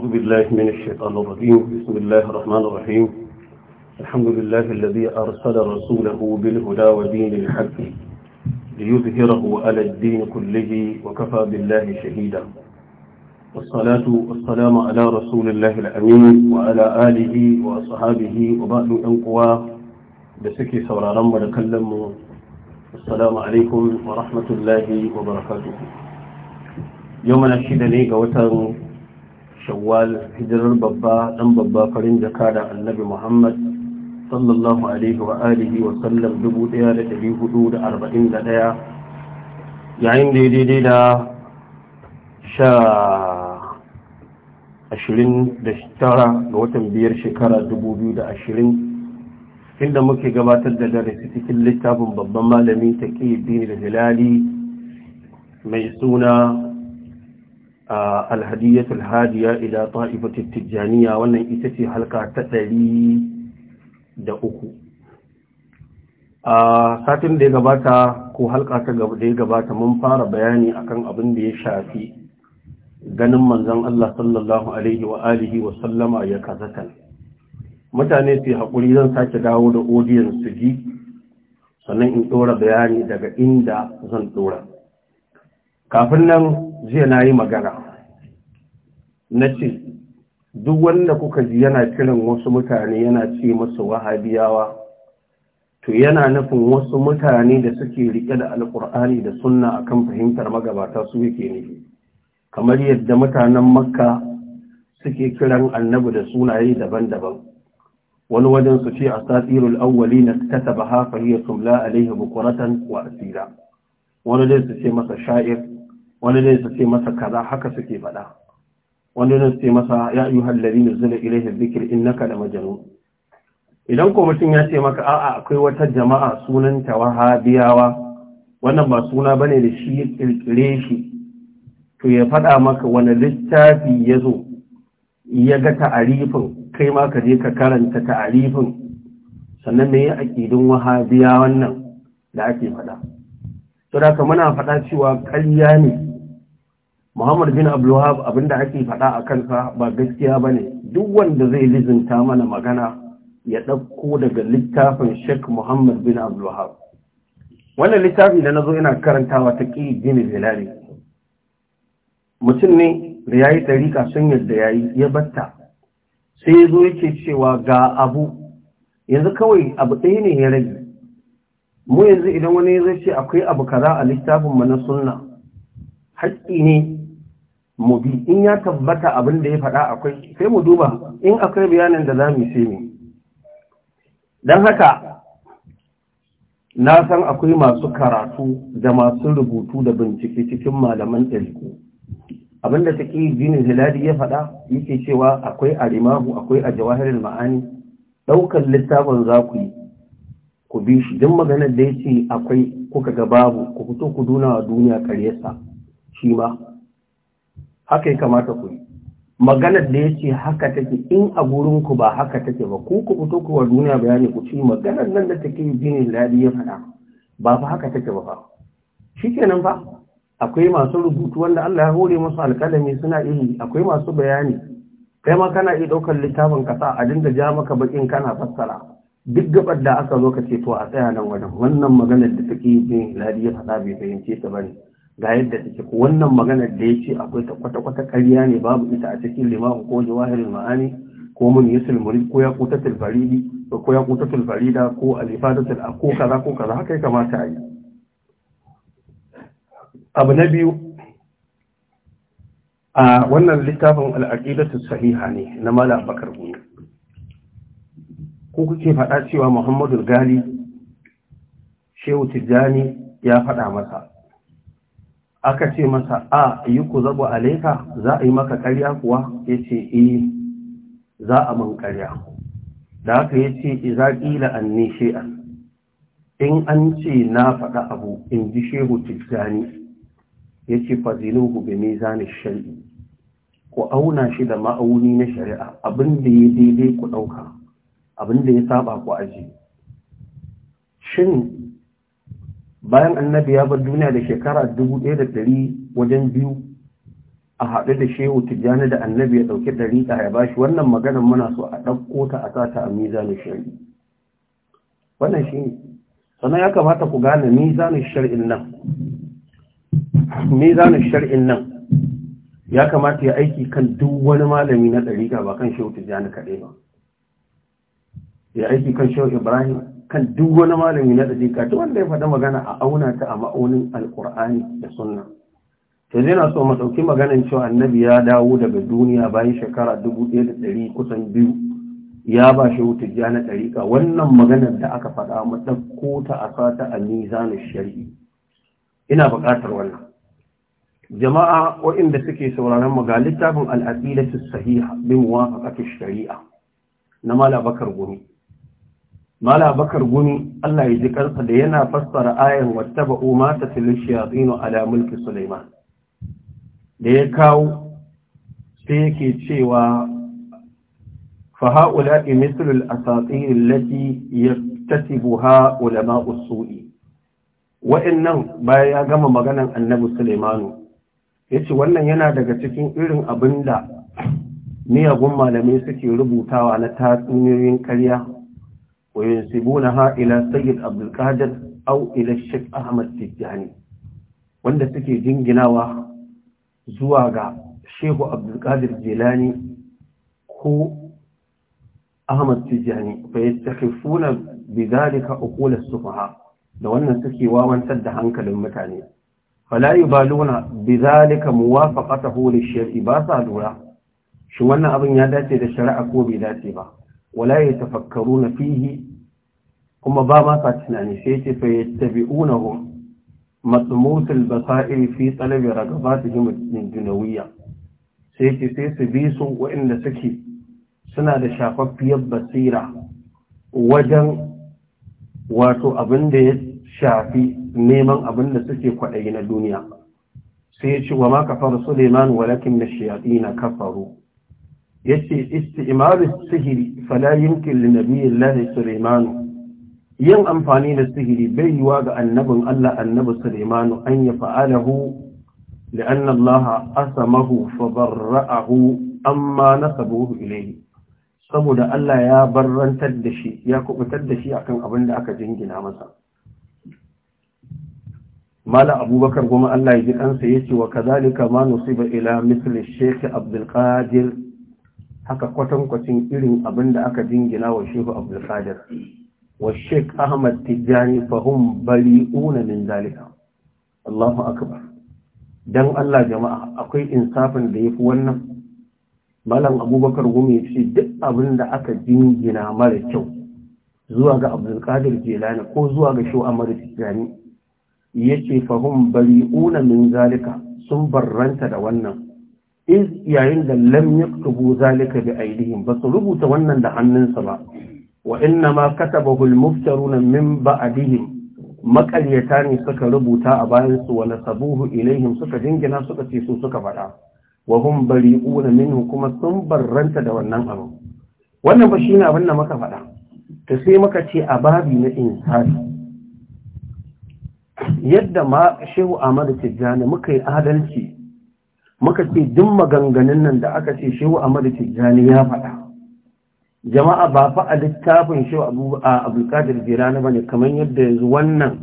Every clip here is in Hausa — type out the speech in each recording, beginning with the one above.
أعوذ بالله من الشيطان الرجيم بسم الله الرحمن الرحيم الحمد لله الذي أرسل رسوله بالهدى ودين الحق ليظهره على الدين كله وكفى بالله شهيدا والصلاة والسلام على رسول الله الأمين وعلى آله وصحابه وبعد قوى بسكي سورارا ولكلم السلام عليكم ورحمة الله وبركاته يومنا الشيدني قوة shawwal hijirar babba dan babba farin jaka da annabi muhammad sallallahu alaihi wa alihi wa sallam 1441 yayin da daidai da sha ashirin da tara ga watan biyar shekara 2020 inda muke gabatar da darasi cikin littafin babban malami ta ƙi da hilali mai suna alhadiyatul hadiya ila ta'ifatit tijaniya wannan ita ce halka ta ɗari da uku a satin da ya gabata ko halka ta da ya gabata mun fara bayani akan abin da ya shafi ganin manzon Allah sallallahu alaihi wa alihi wa sallama ya kazatan mutane su haƙuri zan sake dawo da odiyon su ji sannan in ɗora bayani daga inda zan ɗora kafin nan jiya na yi magana na ce duk wanda kuka ji yana kiran wasu mutane yana ce masu wahabiyawa to yana nufin wasu mutane da suke rike da alkur'ani da sunna akan fahimtar magabata su yake ne kamar yadda mutanen makka suke kiran annabi da sunaye daban-daban wani wajen su ce a satirul awwali na kataba hafa hiya tumla alaihi bukuratan wa asira wani dai su ce masa sha'ir wani ne su ce masa kaza haka suke faɗa wani ne su ce masa ya yi hallari ne zula ilaihin zikir in naka da majanu idan ko mutum ya ce maka a'a akwai wata jama'a sunanta wahabiyawa wannan ba suna ba ne da shi ya kirkire shi to ya faɗa maka wani littafi ya zo ya ga ta'arifin kai ma ka je ka karanta ta'arifin sannan me ya aƙidin wahabiya wannan da ake faɗa. Saboda muna faɗa cewa ƙarya ne Muhammad bin Abdulwahab abinda ake faɗa a kansa ba gaskiya ba ne, duk wanda zai lizinta mana magana ya ɗauko daga littafin Sheikh Muhammad bin Wahab. Wannan littafi da na zo ina karantawa ta ƙi gini Bilali. Mutum ne da ya yi ɗariƙa sun yadda ya yi ya batta, sai ya zo yake cewa ga abu, yanzu kawai abu ɗaya ne ya rage. Mu yanzu idan wani ya zai ce akwai abu kaza a littafin mana sunna, haƙƙi ne mu in ya tabbata abin da ya faɗa akwai sai mu duba in akwai bayanin da za mu sai mu don haka na san akwai masu karatu da masu rubutu da bincike cikin malaman ɗaliku abinda ta ƙi jinin ya faɗa yake cewa akwai a akwai a jawaharin ma'ani ɗaukar littafin za ku yi ku bi shi duk maganar da ya ce akwai kuka ga babu ku fito ku duna wa duniya karyarsa shi ma haka ya kamata ku yi maganar da ya ce haka take in a gurinku ba haka take ba ku ku fito ku wa duniya bayani ku ci maganar nan da take jinin ladi ya faɗa ba fa haka take ba fa. ke nan ba akwai masu rubutu wanda Allah ya hore masu alkalami suna iri akwai masu bayani kai ma kana iya ɗaukar littafin kasa a dinda ja maka bakin kana fassara duk gabar da aka zo ka ce to a tsaya nan wajen wannan maganar da take jinin ladi ya faɗa bai fahimce ta bane ga yadda take ko wannan maganar da ya ce akwai ta kwata-kwata ƙarya ne babu ita a cikin limahu ko jawahirul ma'ani ko mun yusul murid ko ya faridi ko ya farida ko alifadatul ko kaza ko kaza haka ya kamata a yi abu na biyu a wannan littafin al'aqidatu sahiha ne na Malam bakar gumi ko kuke faɗa cewa muhammadu gali shehu tijjani ya faɗa masa aka ce masa a yi ku a leka? za a yi maka karya kuwa ya ce e za a man ƙarya da haka ya ce a ƙila an ne shi'an in an ce na faɗa abu in ji shehu tijjani ya ce ne bi ni shari'i ku auna shi da ma'auni na shari'a abin da ya daidai ku ɗauka abin da ya saba ku aji shin bayan annabi ya bar duniya da shekara dubu ɗaya da ɗari wajen biyu a haɗu da shehu tijjani da annabi ya ɗauki ɗari a ya bashi wannan maganar muna so a ɗauko ta a sa ta a mizanin shari'i wannan shi ne sannan ya kamata ku gane mizanin shari'in nan mizanin shari'in nan ya kamata ya aiki kan duk wani malami na ɗariƙa ba kan shehu tijjani kaɗai ba ya aiki kan shehu ibrahim kan duk wani malami na dalika duk wanda ya faɗa magana a auna ta a ma'aunin alƙur'ani da sunna to zai na so mu ɗauki maganin cewa annabi ya dawo daga duniya bayan shekara dubu ɗaya da ɗari kusan biyu ya ba shi wuta na ɗariƙa wannan maganar da aka faɗa mu ta a sata a mizanin shari'i ina buƙatar wannan jama'a waɗanda suke sauraron mu ga littafin al'aqidatu sahiha bi muwafaqati shari'a na mala bakar gumi mala bakar gumi Allah ya ji karsa da yana fassara ayan wattaba umma ta tilshiyatinu ala mulki sulaiman da ya kawo sai yake cewa fa haula mithlu al-asatir allati yaktasibuha ulama usui wa'annan baya ya gama maganan annabi Ya yace wannan yana daga cikin irin abin da miyagun malamai suke rubutawa na tatsuniyoyin karya وينسبونها إلى سيد عبد القادر أو إلى الشيخ أحمد تجاني wanda suke jinginawa zuwa ga Shehu Abdulkadir Jilani ko Ahmad Tijani fa yastakifuna funa uqul as-sufaha da wannan suke wawantar da hankalin mutane fala yubaluna bidhalika muwafaqatahu lish-shar'i ba sa lura shi wannan abin ya dace da shari'a ko bai dace ba wala yatafakkaruna fihi kuma ba ma sa tunani sai ce fa yattabi'unahum matmusul basair fi talabi ragabatihim ad-dunyawiyya sai ce sai su bi su waɗanda suke suna da shafaffiyar basira wajen wato abin da ya shafi neman abin da suke kwaɗayi na duniya sai ya ce wa ma kafar suleiman walakin na shayaɗi na kafaru yace isti'malu sihiri fala yumkin li nabiyillahi sulaiman yin amfani da sihiri bai yiwa ga annabin Allah annabi sulaiman an ya fa'alahu لأن الله أسمه فبرأه أما saboda Allah ya barrantar da shi ya kubutar da shi akan abin da aka jingina masa Mala Abubakar goma Allah ya ji kansa yace wa kadhalika ma nusiba ila misli Sheikh Abdul haka kwatankwacin irin abin da aka jingina wa shehu abdulkadir wa sheikh ahmad tijjani fahim bari una min zalika allahu akbar dan allah jama'a akwai insafin da ya fi wannan malam abubakar gumi ya ce duk abin da aka jingina mara kyau zuwa ga abdulkadir jelani ko zuwa ga shehu ahmad tijjani ya ce fahim bari una min zalika sun barranta da wannan yayin da lam yaktubu zalika bi aidihim ba su rubuta wannan da hannunsa ba wa inna ma katabahu al-muftaruna min ba'dihim maƙaryata ne suka rubuta a bayan su wa nasabuhu ilaihim suka dingina suka ce su suka faɗa wa hum bari'una minhu kuma sun barranta da wannan abu wannan ba shine abin da muka faɗa to sai muka ce a babi na insani yadda ma shehu Ahmadu Tijjani muka yi adalci muka ce duk maganganun nan da aka ce shehu Ahmadu Tijjani ya faɗa jama'a ba fa a littafin shehu Abu Qadir Jilani bane kamar yadda yanzu wannan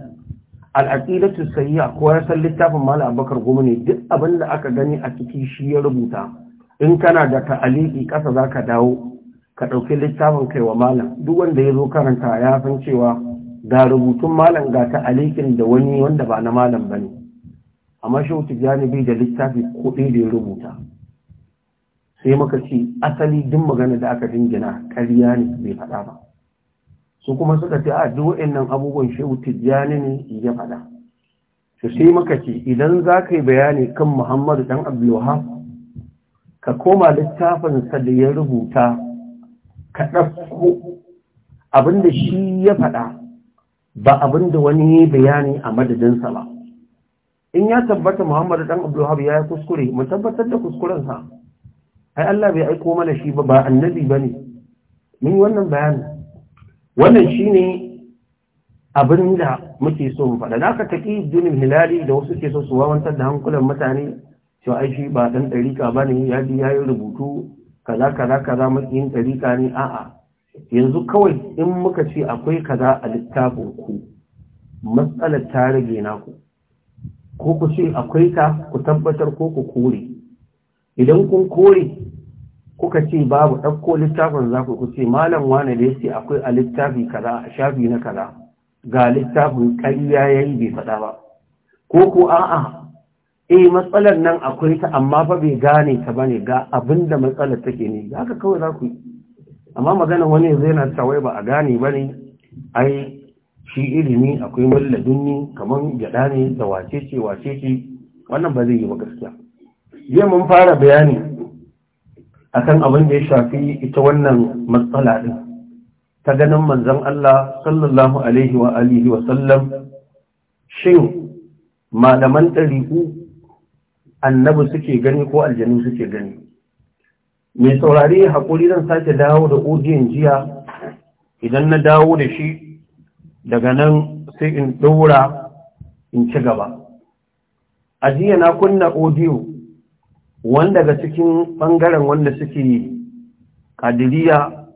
al-aqidatu sayyi'a ko ya littafin Malam Abubakar Gumi ne duk abin da aka gani a ciki shi ya rubuta in kana da ta'aliki kasa zaka dawo ka ɗauki littafin kai wa malam duk wanda ya zo karanta ya san cewa ga rubutun malam ga ta'alikin da wani wanda ba na malam bane amma shi wuce bi da littafi kuɗi da ya rubuta sai maka ce asali duk magana da aka dingina karya ne bai faɗa ba su kuma suka ce a duk nan abubuwan shi wuce jani ne ya faɗa su sai maka ce idan za ka yi bayani kan muhammadu ɗan abdulwahab ka koma littafinsa da ya rubuta ka ɗauko abinda shi ya faɗa ba abinda wani bayani a madadinsa ba in ya tabbata Muhammadu dan Abdulwahab ya yi kuskure mu tabbatar da kuskurensa ai Allah bai aiko mana shi ba ba annabi bane mun wannan bayani wannan shine abin da muke so mu faɗa da aka taki dunin hilali da wasu ke so su wawantar da hankulan mutane to ai shi ba dan ɗarika bane ya ji ya yi rubutu kaza kaza kaza yin ɗarika ne a'a yanzu kawai in muka ce akwai kaza a littafin ku matsalar ta rage naku ko ku ce akwai ta ku tabbatar ko ku kore idan kun kore kuka ce babu ɗauko littafin za ku ce malam wane da ya ce akwai a littafi kaza a shafi na kaza ga littafin kariya ya yi bai faɗa ba ko ko a'a eh matsalar nan akwai ta amma fa bai gane ta ne, ga abinda matsalar take ne haka kawai za ku yi amma magana wani zai na cewa ba a gane ba ne ai shi ilimi akwai ne kamar gyada ne da wace ce wace ce wannan ba zai yi ba gaskiya yau mun fara bayani akan abin da ya shafi ita wannan matsala din ta ganin manzon Allah sallallahu alaihi wa alihi wa shin malaman ɗari'u annabi suke gani ko aljanu suke gani mai saurari haƙuri zan sake dawo da odiyan jiya idan na dawo da shi daga nan sai in ɗora in ci gaba a jiya na kunna odiyo. wani daga cikin ɓangaren wanda suke ƙadiriya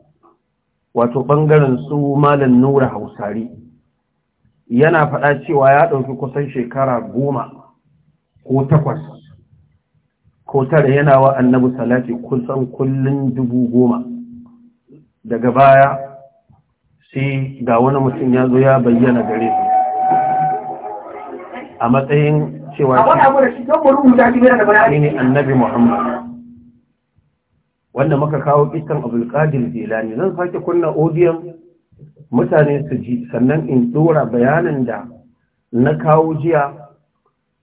wato ɓangaren su malam nura hausari yana faɗa cewa ya ɗauki kusan shekara goma ko takwas ko tara yana wa annabi salati kusan kullum dubu goma daga baya sai ga wani mutum ya zo ya bayyana gare su a matsayin cewa shi ne annabi muhammad wanda muka kawo kitan abulkadir jelani zan sake kunna odiyan mutane su ji sannan in tsora bayanan da na kawo jiya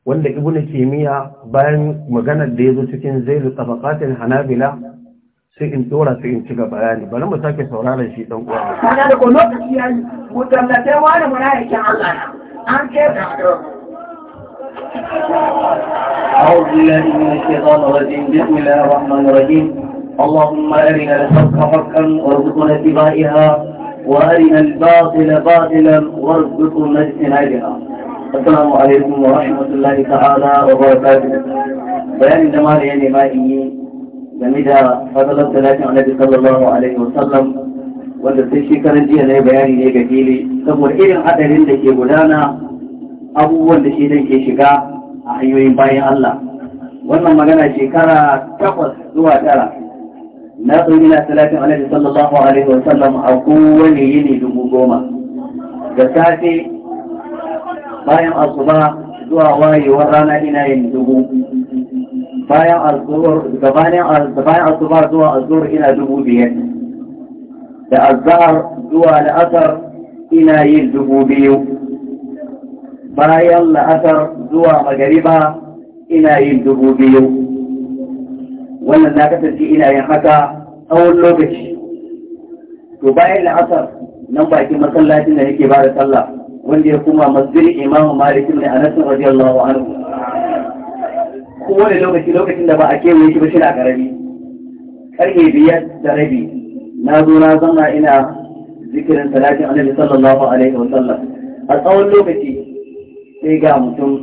wanda na kimiyya bayan maganar da ya zo cikin lutsa bakatin hanabila sai in dora sai in cika bayani bari mu sake sauraron shi dan uwa kana da lokaci ya yi ku tallace wa da mala'ikan Allah an ce da أعوذ بالله من الشيطان الرجيم بسم الله الرحمن الرحيم اللهم أرنا الحق حقا وارزقنا اتباعها وأرنا الباطل باطلا وارزقنا اجتنابها السلام عليكم ورحمة الله تعالى وبركاته بيان الجمال يعني ما إيه game da fadalar talatin annabi sallallahu alaihi wasallam wanda sai shi karan jiya na bayani ne ga fili saboda irin hadarin da ke gudana abubuwan da shi dan ke shiga a hanyoyin bayan Allah wannan magana shekara takwas zuwa tara na tsoni na talatin annabi sallallahu alaihi wasallam a kowane yini dubu goma da safe bayan asuba zuwa wayewar rana ina yin dubu bayan azuwar gabanin azubar zuwa azuwar ina dubu biyar da azhar zuwa la'asar ina yin dubu biyu bayan la'asar zuwa magariba ina yin dubu biyu wannan na kasance ina yin haka tsawon lokaci to bayan la'asar nan bakin masallacin da nake ba da sallah wanda ya kuma masjid imamu malikin ne a nasin radiyallahu anhu kowane lokaci lokacin da ba a kewaye shi ba shi na karami karfe biyar da rabi na zo na zama ina zikirin salatin annabi sallallahu alaihi wa sallam a tsawon lokaci sai ga mutum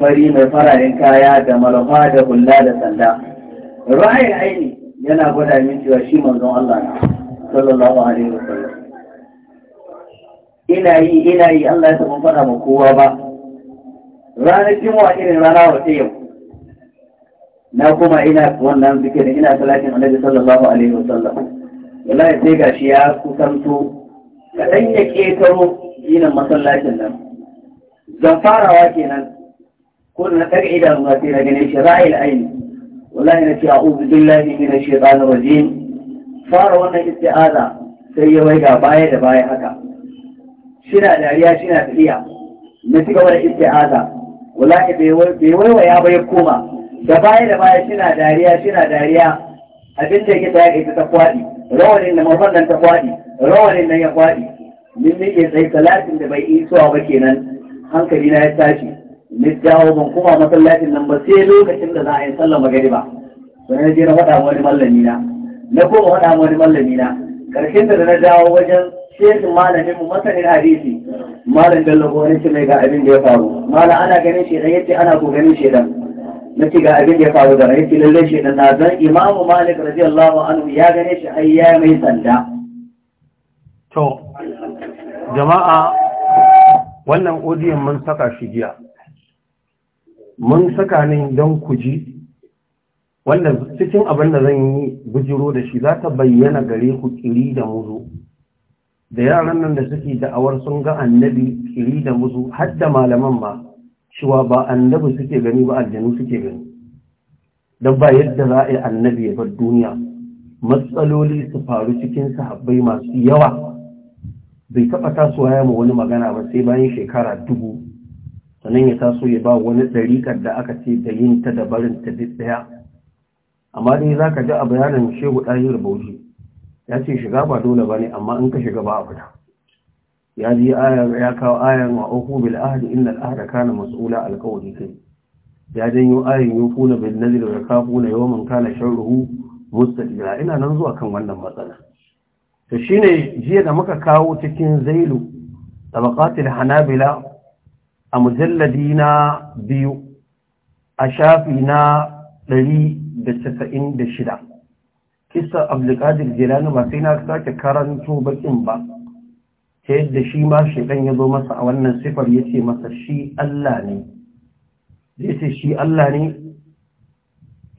fari mai fararen kaya da malafa da hulla da sanda ra'ayin aini yana gwada min cewa shi manzon Allah na sallallahu alaihi wa sallam ina yi ina yi Allah ya taɓa faɗa ma kowa ba ranar juma'a irin rana wata yau na kuma ina wannan zikirin ina salatin annabi sallallahu alaihi wasallam wallahi sai gashi ya kusanto kaɗan ya ƙetaro ginin masallacin nan zan farawa kenan ko na ɗaga idanuwa sai na gane shi ra'ayil aini wallahi na ce a'udhu billahi minash shaitanir rajim fara wannan isti'aza sai ya waiga baya da baya haka shina dariya shina tafiya na ci gaba da isti'aza wallahi bai waiwaya ba ya koma da baya da baya suna dariya suna dariya abin da kita ta kai ta kwaɗi rawanin da mafallan ta kwaɗi rawanin nan ya kwaɗi min nake tsaye talatin da bai isuwa ba kenan hankali na ya tashi ni dawo ban kuma masallacin nan ba sai lokacin da za a yi sallar ba. to na je na faɗa wani mallami na na koma faɗa wani mallami na karshen da na dawo wajen shekin malamin mu masanin hadisi malam dallo ko wani shi mai ga abin da ya faru malam ana ganin shedan yace ana ko ganin shedan na ce ga abin ya faru da rai lallai shi dan dan imamu malik radiyallahu anhu ya gane shi ai ya mai sanda to jama'a wannan odiyon mun saka shi jiya mun saka ne don ku ji wanda cikin abin da zan yi bujiro da shi za ta bayyana gare ku kiri da muzu da yaran nan da suke da'awar sun ga annabi kiri da muzu har da malaman ma cewa ba annabi suke gani ba aljanu suke gani don ba yadda za a yi annabi ya bar duniya matsaloli su faru cikin sahabbai masu yawa bai taɓa tasowa ya mu wani magana ba sai bayan shekara dubu sannan ya taso ya ba wani ɗariƙar da aka ce da yin ta da barin ta duk ɗaya amma dai za ka ji a bayanin shehu ɗahir bauchi ya ce shiga ba dole ba ne amma in ka shiga ba a fita ya ji ayar ya kawo ayar wa uku bil ahdi al ahda kana mas'ula qawli kai ya janyo ayin yufuna bil nadri wa kafuna yawman kana sharruhu mustaqila ina nan zuwa kan wannan matsala to shine jiya da muka kawo cikin zailu tabaqatil hanabila a mujalladina biyu a shafi na 196 kisa abdulkadir jilani ba sai na sake karanto bakin ba ta yadda shi ma shekan ya zo masa a wannan sifar ya ce masa shi Allah ne zai ce shi Allah ne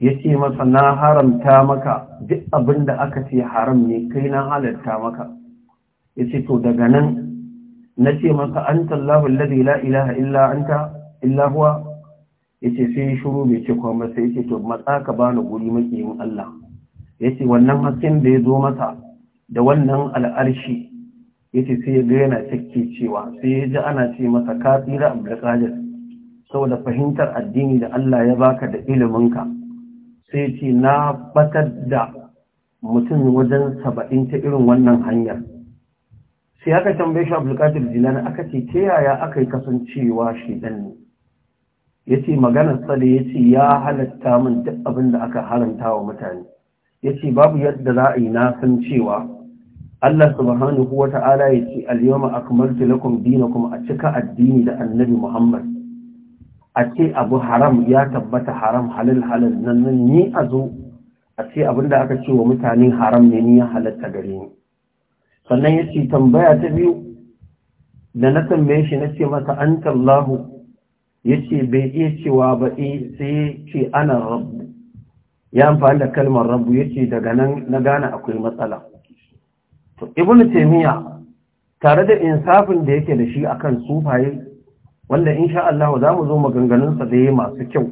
ya ce masa na haramta maka duk abin da aka ce haram ne kai na halarta maka ya ce to daga nan na ce masa an tallahu lalazi la ilaha illa anta illa ya ce sai shuru bai ce kuma masa, ya ce to matsa ka bani guri makiyin Allah ya ce wannan hasken da ya zo masa da wannan al'arshi yace sai ya ga yana take cewa sai ya ji ana ce masa ka tsira abdulkadir saboda fahimtar addini da Allah ya baka da iliminka sai ce na batar da mutum wajen saba'in ta irin wannan hanyar sai aka tambaye shi abdulkadir jilani aka ce ta yaya aka yi kasancewa shi dan ne ya ce maganar tsada ya ce ya halatta min duk abin da aka haranta wa mutane ya ce babu yadda za a yi na san cewa Allah subhanahu wa ta'ala ya ce al-yawma akmaltu lakum dinakum a cika addini da annabi Muhammad a ce abu haram ya tabbata haram halal halal nan nan ni a zo a ce abinda aka ce wa mutane haram ne ni ya halatta gare ni sannan ya ce tambaya ta biyu da na tambaye shi na ce masa an tallahu ya ce bai iya cewa ba eh, sai ya ce ana rabu ya amfani da kalmar rabu ya ce daga nan na gane akwai matsala to ibn taymiya tare da insafin da yake da shi akan sufaye wanda insha Allah za mu zo maganganun sa da yayi masu kyau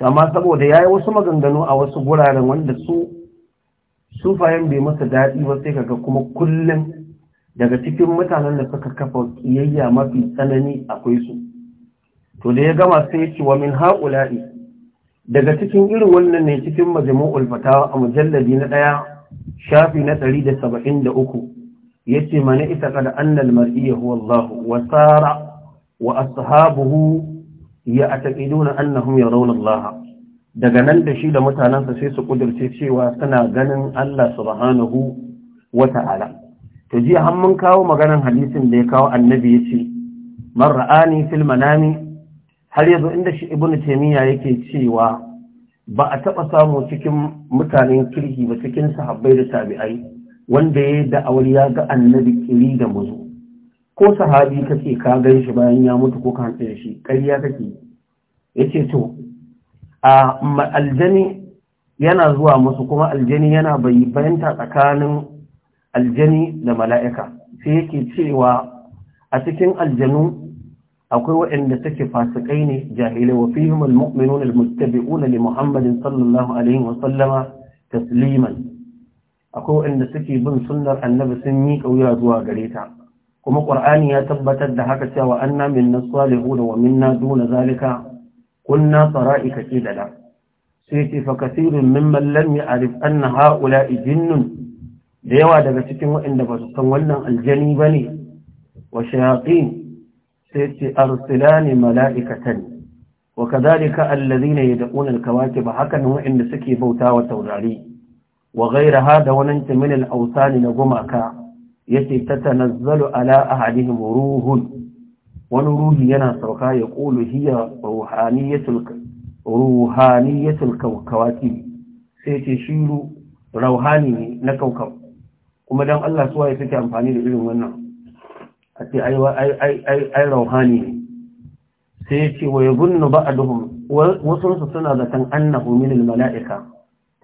amma saboda yayi wasu maganganu a wasu guraren wanda su sufayen bai masa dadi ba sai kaga kuma kullum daga cikin mutanen da suka kafa kiyayya mafi tsanani akwai su to da ya gama sai ya ce wa min haula'i daga cikin irin wannan ne cikin majmu'ul fatawa a mujalladi na daya shafi na 173 yace mana ita kada annal mar'iyya huwa Allah wa sara wa ashabuhu ya'taqiduna annahum yarawna Allah daga nan da shi da mutanansa sai su kudirce cewa suna ganin Allah subhanahu wa ta'ala to ji an mun kawo maganar hadisin da ya kawo annabi yace man ra'ani fil manami har yanzu inda shi ibnu taymiya yake cewa ba a taɓa samu cikin mutanen kirki ba cikin sahabbai da tabi'ai wanda ya da'awar ya ga annabi kiri da muzu ko sahabi kake ka gan shi bayan ya mutu ko ka hantsa da shi ƙarya kake ya ce to a aljani yana zuwa musu kuma aljani yana ta tsakanin aljani da mala'ika sai yake cewa a cikin aljanu akwai waɗanda suke fasikai ne jahilai wa fihim almu'minun almuttabi'una li Muhammadin sallallahu alaihi wa sallama tasliman akwai waɗanda suke bin sunnar annabi sun yi kauya zuwa gare ta kuma ƙur'ani ya tabbatar da haka cewa anna minna salihuna wa na duna zalika kunna sara'ika qidala sai ce fa kathirun mimman lam ya'rif anna ha'ula'i jinnun da yawa daga cikin waɗanda ba su san wannan aljani bane wa shayatin sai ce arsilani mala'ikatan wa kadhalika alladhina yad'una al haka hakan wa'inda suke bauta wa taurari wa ghayraha da wannan min ausani awsani na gumaka yace tatanazzalu ala halin ruhun wani ruhi yana sauka ya qulu hiya ruhaniyatul ruhaniyatul kawakib sai ce shiru rauhani ne na kaukab kuma don Allah suwa ya suke amfani da irin wannan a ce ai rauhani ne sai ya ce wa yabunnu ba'aduhum wasu su suna zaton annahu min malaika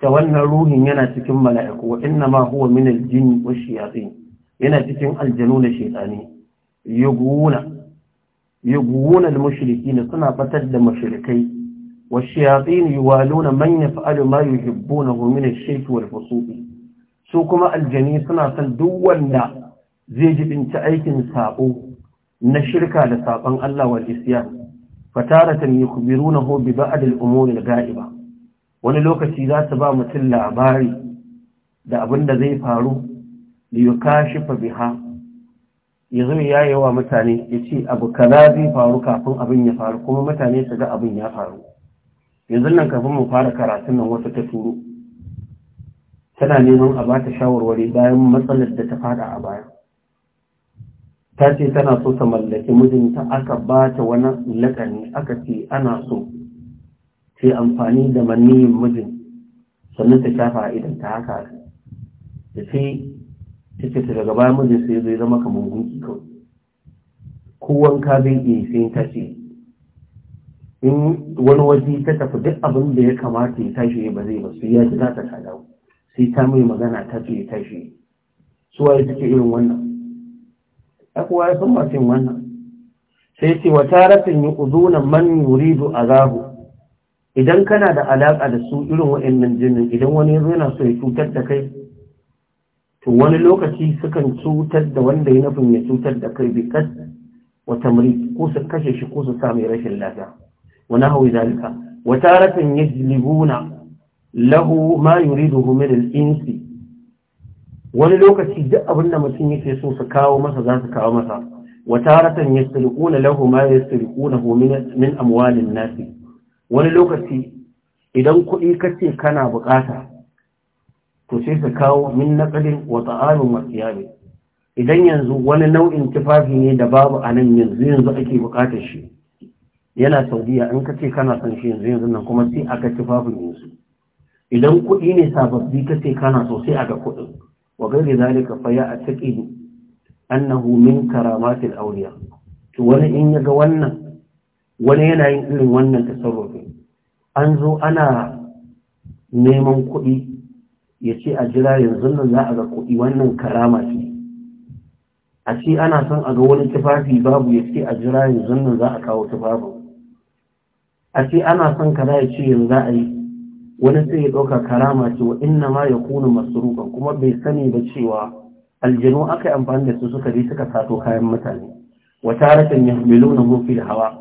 ta wannan ruhin yana cikin mala'iku wa ina ma huwa min al-jinn wa shayatin yana cikin aljanu da shaytani yughuna yughuna al-mushrikeena suna fatar da mushrikai wa shayatin yuwaluna man yaf'alu ma yuhibbunahu min ash-shirki wal fusuq su kuma aljani suna san duk wanda zai jibinci aikin saɓo na shirka da saɓon Allah wal isyan fataratan yukhbirunahu bi ba'd al da gai gaiba wani lokaci za su ba mutum labari da abin da zai faru da yukashifa biha ya zo ya wa mutane ya ce abu kaza zai faru kafin abin ya faru kuma mutane su ga abin ya faru yanzu nan kafin mu fara karatun nan wata ta turo tana neman a bata shawarwari bayan matsalar da ta fada a baya ta ce tana so ta mallaki mijinta aka ba ta wani lakani, aka ce ana so ce amfani da maniyin mijin sannan ta shafa a idan ta haka da ce ta ce daga bayan mijin sai zai zama kamar gunki kawai kowan ka bai iya sai ta ce in wani waje ta tafi duk abin da ya kamata ya tashi ba zai ba sai ya ji za ta kada sai ta mai magana ta ce ya tashi ya take irin wannan ya ya san masu wannan sai ce wa taratin yi uzuna man a zahu? idan kana da alaƙa da su irin waɗannan jinin idan wani ya yana so ya cutar da kai to wani lokaci sukan cutar da wanda ya nufin ya cutar da kai bikas wa tamri ko su kashe shi ko su sami rashin lafiya wani hau zalika wa taratin yajlibuna lahu ma yuridu min insi wani lokaci duk abin da mutum yake so su kawo masa za su kawo masa wa ya yasriquna lahu ma yasriqunahu min amwalin nasi wani lokaci idan kuɗi kace kana bukata to sai su kawo min naqalin wa ta'amin wa siyabi idan yanzu wani nau'in tufafi ne da babu a nan yanzu yanzu ake bukatar shi yana saudiya in kace kana son shi yanzu yanzu nan kuma sai aka tufafin yanzu idan kuɗi ne sababbi kace kana so sai aka kuɗin وغير ذلك فيا اتقي ya من كرامات الاولياء karamatil awliya to wani in ga wannan wani yana yin irin wannan tasarrufi an zo ana neman kuɗi ya ce a jira yanzu nan za a ga kuɗi wannan karama ce a ce ana son a ga wani tufafi babu ya ce a jira yanzu nan za a kawo tufafin a ce ana son kaza ya ce yanzu za a yi wani sai ya ɗauka karama ce wa inna ma ya kuna masurukan kuma bai sani ba cewa aljanu aka yi amfani da su suka je suka sato kayan mutane wata rashin ya milo na mafi da hawa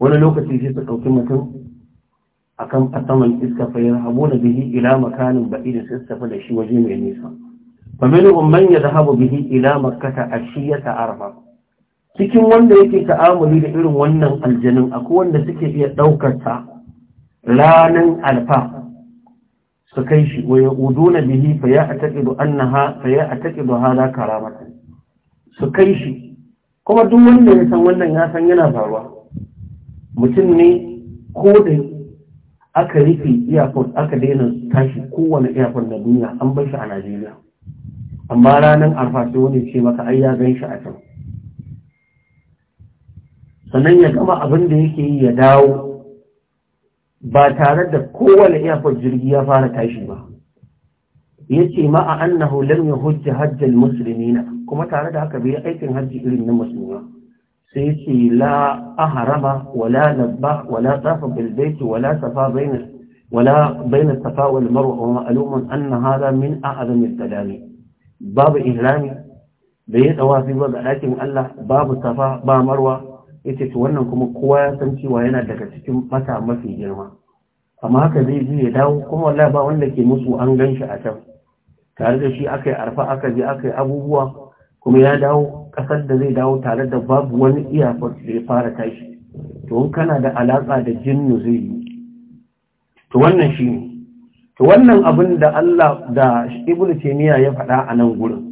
wani lokaci sai su ɗauki mutum a kan fasaman iska fa yin habo na bihi ila makanin baɗi da su tafi da shi waje mai nisa famili umman ya zahabu bihi ila makata a shi ta arba? cikin wanda yake ta'amuli da irin wannan aljanun akwai wanda suke iya ɗaukata ranar ranan alfa su kai shi waya uduna bihi fa ya'taqidu annaha fa ya'taqidu hada karamatan su kai shi kuma duk wanda ya san wannan ya san yana faruwa mutum ne ko da aka rufe iyakon aka daina tashi kowane iyakon na duniya an bar shi a Najeriya amma ranar alfa sai wani ce maka ai ya gan shi a can sannan ya kama abin da yake yi ya dawo ba tare da kowane iyakar jirgi ya fara tashi ba ya ce ma'a annahu lam ya hujja hajjal musulmina kuma tare da haka bai aikin hajji irin na musulma sai ya ce la aharama wala nabba wala tsafa bilbaiti wala safa bainar ولا بين الصفا والمروة ومعلوم أن هذا من أعظم الكلام باب إهلامي ba ga ɗakin Allah babu safa ba marwa? yace ce wannan kuma kowa ya san cewa yana daga cikin mata mafi girma amma haka zai ji ya dawo kuma wallahi ba wanda ke musu an gan shi a can tare da shi aka yi arfa aka je aka yi abubuwa kuma ya dawo kasar da zai dawo tare da babu wani iyakar da ya fara tashi to in kana da alaka da jinnu zai yi to wannan shi ne to wannan abin da Allah da Ibn Taymiyyah ya faɗa a nan gurin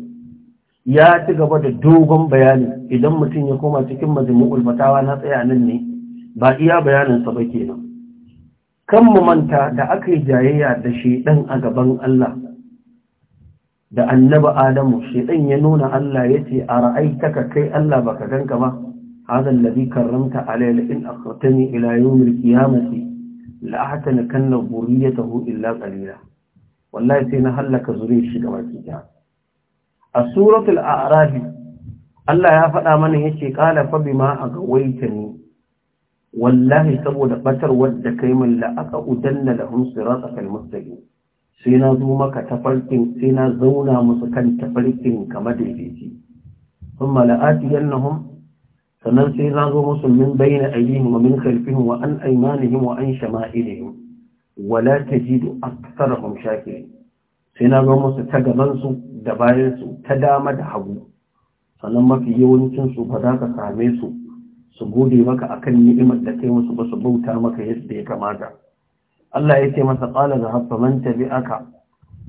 ya ci gaba da dogon bayani idan mutum ya koma cikin majmu'ul fatawa na tsaya nan ne ba iya bayanin sa ba kenan kan mu manta da aka yi jayayya da shedan a gaban Allah da annabi Adamu shedan ya nuna Allah yace ara'aitaka kai Allah baka ganka ba hadha alladhi karramta alayya in akhartani ila yawm al-qiyamati la ahtanakanna buriyatahu illa qalila wallahi sai na halaka zuriyar shi gaba ki a suratul a'rafi Allah ya faɗa mana yace qala fa bima agawaitani wallahi saboda batar wadda kai min la aka udanna lahum siratal mustaqim sai na zo maka tafarkin sai na zauna musu kan tafarkin kamar da yake thumma sannan sai na zo musu min bayna aydihim wa min khalfihim wa an aymanihim wa an shama'ilihim wala tajidu aktharahum shakirin sai na zo musu ta gabansu da bayansu ta dama da hagu sannan mafi yawancinsu ba za ka same su su gode maka akan ni'imar da kai musu ba su bauta maka yadda ya kamata Allah ya ce masa qala zahabba man tabi'aka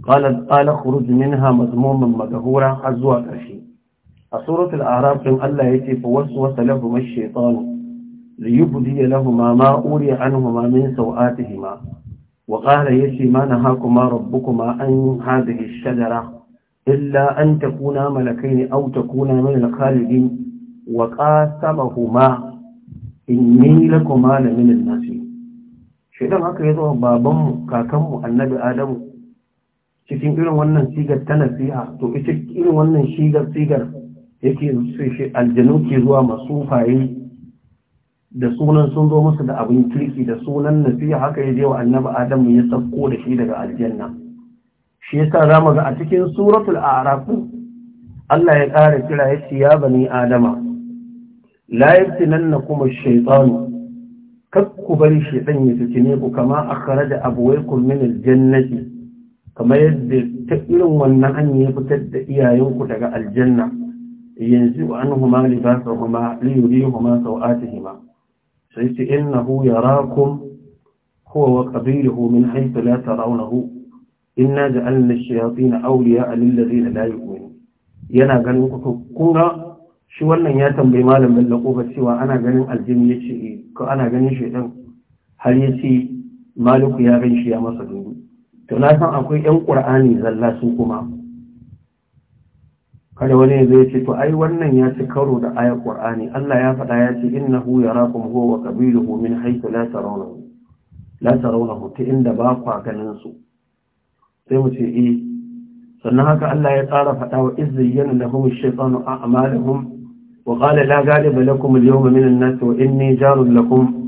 qala qala khuruj minha mazmuman madhura har zuwa ƙarshe a suratul a'raf din Allah ya ce fa waswasa lahum ash-shaytan liyubdi lahum ma uriya anhum min sawatihima وقال يسي ما نهاكما ربكما عن هذه الشجرة إلا أن تكونا ملكين أو تكونا من الخالدين وقاسمهما إني لكما لمن الناس shaidan haka ya zama babanmu kakanmu annabi adamu cikin irin wannan sigar ta nasiha to ita irin wannan sigar sigar yake su shi aljanu ke zuwa masufaye da sunan sun zo musu da abin kirki da sunan nasiha haka ya je wa annabi adamu ya sauko da shi daga aljanna shi yasa za mu ga a cikin suratul a'raf Allah ya ƙara kira ya ce ya bani adama la yaftinannakum ash ku bar bari shaytan ya fitine ku kama akhraja abwaykum min al-jannati kamar yadda ta irin wannan an ya fitar da iyayenku daga aljanna yanzu anhuma libasuhuma liyurihuma sawatihima sai ce innahu yarakum huwa wa qabiluhu min haythu la tarawnahu inna ja'alna ash-shayatin awliya'a lil ladina la yu'minun yana ganin ku kun ga shi wannan ya tambayi malam Bello kofa cewa ana ganin aljini yace eh, ko ana ganin shedan har yace maliku ya gan ya masa dundu to na san akwai yan qur'ani zalla su kuma kada wani zai ce to ai wannan ya ci karo da ayar qur'ani Allah ya faɗa ya ce innahu yarakum huwa wa qabiluhu min haythu la tarawnahu la tarawnahu ta inda ba kwa ganin su sai mu ce eh sannan haka Allah ya tsara faɗa wa izzayyana lahum ash-shaytanu a'malahum wa qala la ghaliba lakum al-yawma min an-nas wa inni jarun lakum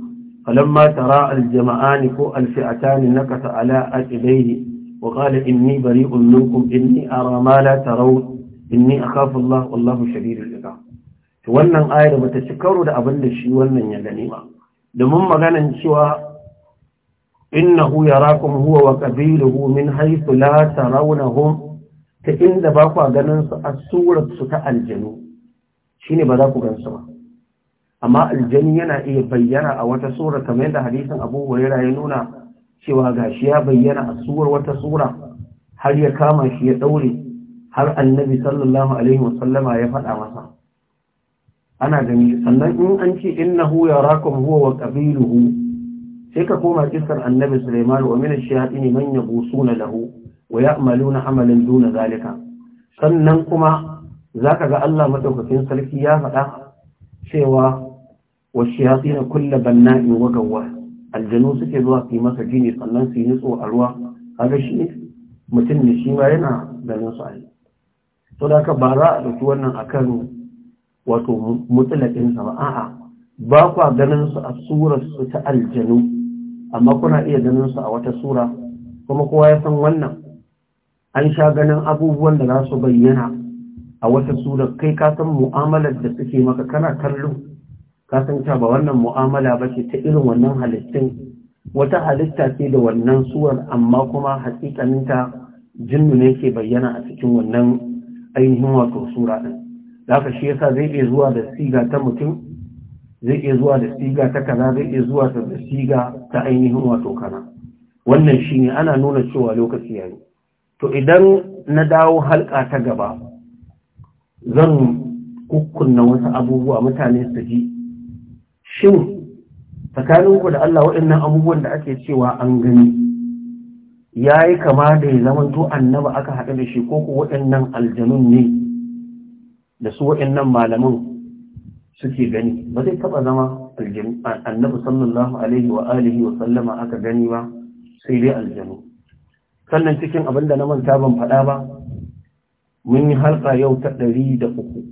فلما تراءى الجمعان فوق الفئتان نكث على أجليه وقال إني بريء منكم إني أرى ما la ترون inni akhafu Allah wallahu shadidul iqab to wannan ayar bata ci karo da abin da shi wannan ya gani ba domin maganan cewa innahu yarakum huwa wa qabiluhu min haythu la tarawnahum ta inda ba ku ganin su a surar su ta aljanu shine ba za ku su ba amma aljani yana iya bayyana a wata sura kamar yadda hadisin Abu Hurairah ya nuna cewa gashi ya bayyana a surar wata sura har ya kama shi ya daure har annabi sallallahu alaihi wasallama ya faɗa masa ana gani sannan in an ce innahu yarakum huwa wa qabiluhu sai ka koma kisar annabi Sulaiman wa min ash-shayatin man yabusuna lahu wa ya'maluna amalan duna zalika sannan kuma zaka ga Allah madaukakin sarki ya faɗa cewa wash-shayatin kullu banna'in wa gawwas aljanu suke zuwa su masa gini sannan su yi nutso a ruwa kaga shi mutum ne shi ma yana ganin su a yi to da ka ba za a wannan akan wato mutsalakin sa ba a'a ba kwa ganin su a surar su ta aljanu amma kuna iya ganin su a wata sura kuma kowa ya san wannan an sha ganin abubuwan da za su bayyana a wata sura kai ka san mu'amalar da suke maka kana kallo ka san ta ba wannan mu'amala ba ce ta irin wannan halittun wata halitta ce da wannan surar amma kuma hakikaninta jinnu ne ke bayyana a cikin wannan ainihin wato sura ɗin da haka shi yasa zai iya zuwa da siga ta mutum zai iya zuwa da siga ta kaza zai iya zuwa da siga ta ainihin wato kaza wannan shi ne ana nuna cewa lokaci yayi to idan na dawo halka ta gaba zan kukkunna wasu abubuwa mutane su ji shin tsakaninku da Allah waɗannan abubuwan da ake cewa an gani ya yi kama da ya zama to annaba aka haɗu da shi ko ku waɗannan aljanun ne da su waɗannan malamin suke gani ba zai taɓa zama annabi sallallahu alaihi wa alihi wa sallama aka gani ba sai dai aljanu sannan cikin abin da na manta ban faɗa ba mun yi halka yau ta ɗari da uku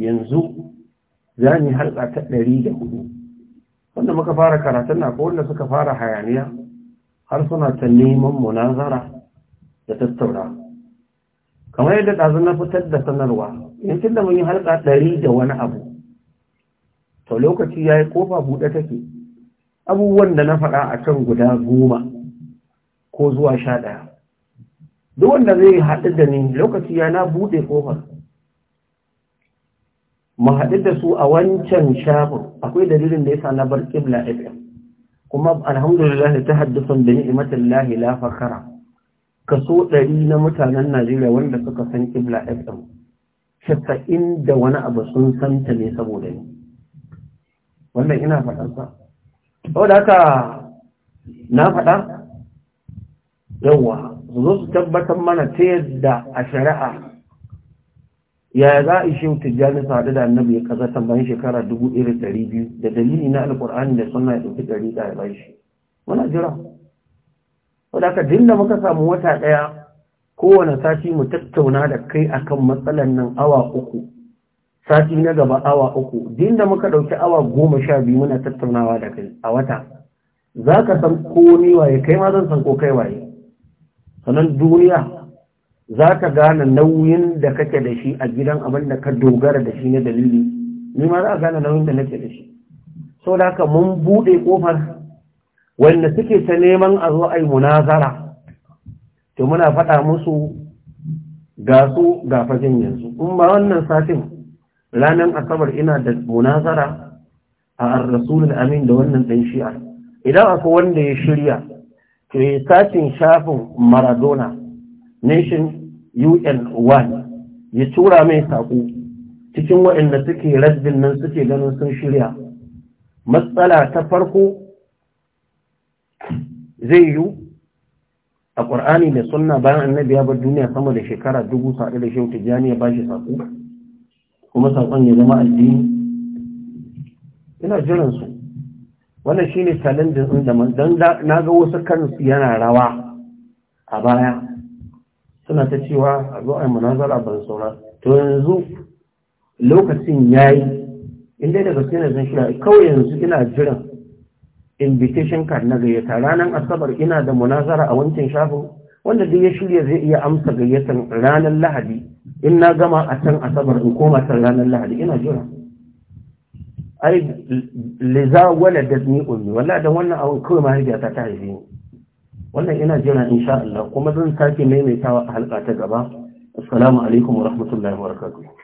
yanzu za mu yi halka ta ɗari da hudu wanda muka fara karatun na ko wanda suka fara hayaniya har suna ta neman munazara da tattauna kamar yadda ɗazu na fitar da sanarwa yankin da mun yi halka ɗari da wani abu to lokaci ya yi ƙofa buɗe take abubuwan da na faɗa a can guda goma ko zuwa sha ɗaya duk wanda zai haɗu da ni lokaci ya na buɗe ƙofar mu haɗu da su a wancan shafin akwai dalilin da ya sa na bar ƙibla fm kuma alhamdulillah ta haddasan da ni'imatan lahi la fakara kaso ɗari na mutanen Najeriya wanda suka san Qibla FM casa'in da wani abu sun san ta ne saboda ni wannan ina faɗansa saboda haka na faɗa yawa su zo su tabbatar mana ta yadda a shari'a yaya za a shehu tijjani su haɗu da annabi ya kaza tambayin shekara dubu irin ɗari biyu da dalili na alƙur'ani da suna ya ɗauki ɗari ɗaya ba shi muna jira wadda ka dinda muka samu wata ɗaya kowane sati mu tattauna da kai akan matsalan nan awa uku sati na gaba awa uku dinda muka ɗauki awa goma sha biyu muna tattaunawa da kai a wata za ka san ko ni waye kai ma zan san ko kai waye sannan duniya za ka gane nauyin da kake da shi a gidan abin da ka dogara da shi na dalili ni ma za a gane nauyin da nake da shi sau da haka mun buɗe ƙofar wanda suke ta neman a zo a munazara to muna faɗa musu ga su ga fajin yanzu in ba wannan satin ranar asabar ina da munazara a rasulun amin da wannan ɗan shi'a idan akwai wanda ya shirya to ya satin shafin maradona nation un one ya tura mai saƙo cikin waɗanda suke rajin nan suke ganin sun shirya matsala ta farko zai yiwu a ƙwar'ani da suna bayan annabi ya bar duniya sama da shekara dubu saɗi da shi wuta ya ba shi saƙo kuma saƙon ya zama addini ina jiran su wannan shi ne din da dan na ga wasu kan yana rawa a baya suna ta cewa a zo a yi munazara ban saura to yanzu lokacin ya yi inda daga gaske na zan shirya kawai yanzu ina jiran invitation card na gayyata ranar asabar ina da munazara a wancan shafin wanda duk ya shirya zai iya amsa gayyatar ranar lahadi in na gama a can asabar in koma can ranar lahadi ina jira ai liza wala da ni ummi wala da wannan abin kawai mahaifiyata ta haife ni wannan ina jira insha Allah kuma zan sake maimaitawa a halka ta gaba assalamu alaikum wa rahmatullahi wa barakatuh